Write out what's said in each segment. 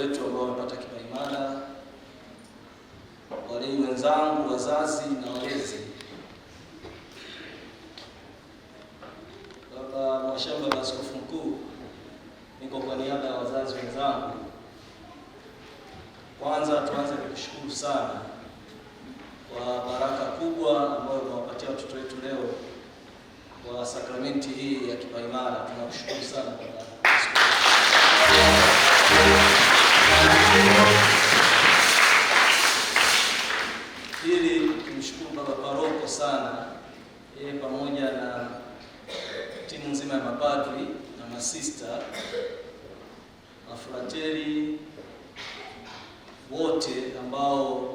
wetu ambao wamepata kipaimara, walimu wenzangu, wazazi na walezi, Baba Mwashamba Askofu Mkuu, niko kwa niaba ya wazazi wenzangu. Kwanza tuanze kukushukuru sana kwa baraka kubwa ambayo umewapatia watoto wetu leo kwa sakramenti hii ya kipaimara. Tunakushukuru sana Baba. masista, mafrateri wote ambao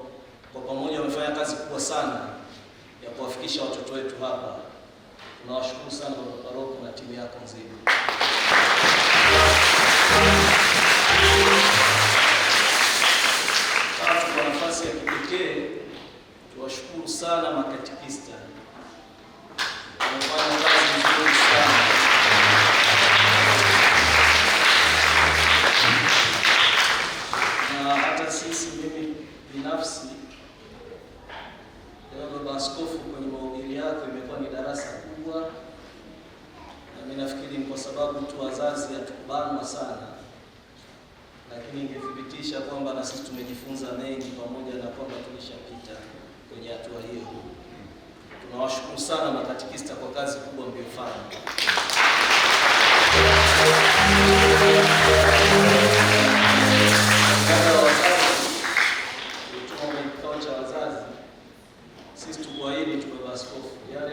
kwa pamoja wamefanya kazi kubwa sana ya kuwafikisha watoto wetu hapa, tunawashukuru sana baba paroko na timu yako nzima. Tatu, kwa nafasi ya kipekee tuwashukuru sana makatikista wamefanya baba askofu kwenye mahubiri yako imekuwa ni darasa kubwa, nami nafikiri kwa sababu tu wazazi hatukubanwa sana, lakini ingethibitisha kwamba na sisi tumejifunza mengi, pamoja na kwamba tulishapita kwenye hatua hiyo. Tunawashukuru sana makatikista kwa kazi kubwa mliofanya.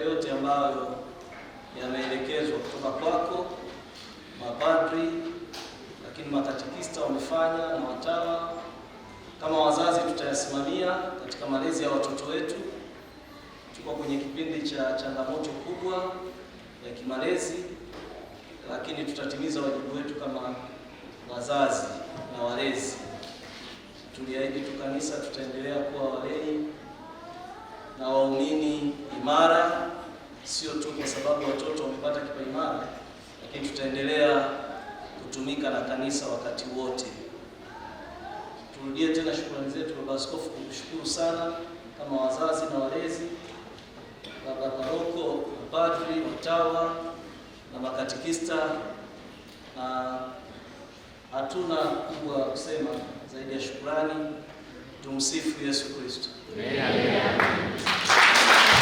yote ambayo yameelekezwa kutoka kwako, mapadri, lakini makatekista wamefanya na watawa. Kama wazazi, tutayasimamia katika malezi ya watoto wetu. Tuko kwenye kipindi cha changamoto kubwa ya kimalezi, lakini tutatimiza wajibu wetu kama wazazi na walezi. Tuliahidi tu kanisa, tutaendelea kuwa walei lakini tutaendelea kutumika na kanisa wakati wote. Turudie tena shukrani zetu kwa baskofu kumshukuru sana kama wazazi na walezi, baba paroko, mapadri, watawa na makatikista, na hatuna kubwa kusema zaidi ya shukrani. Tumsifu Yesu Kristo. Amen.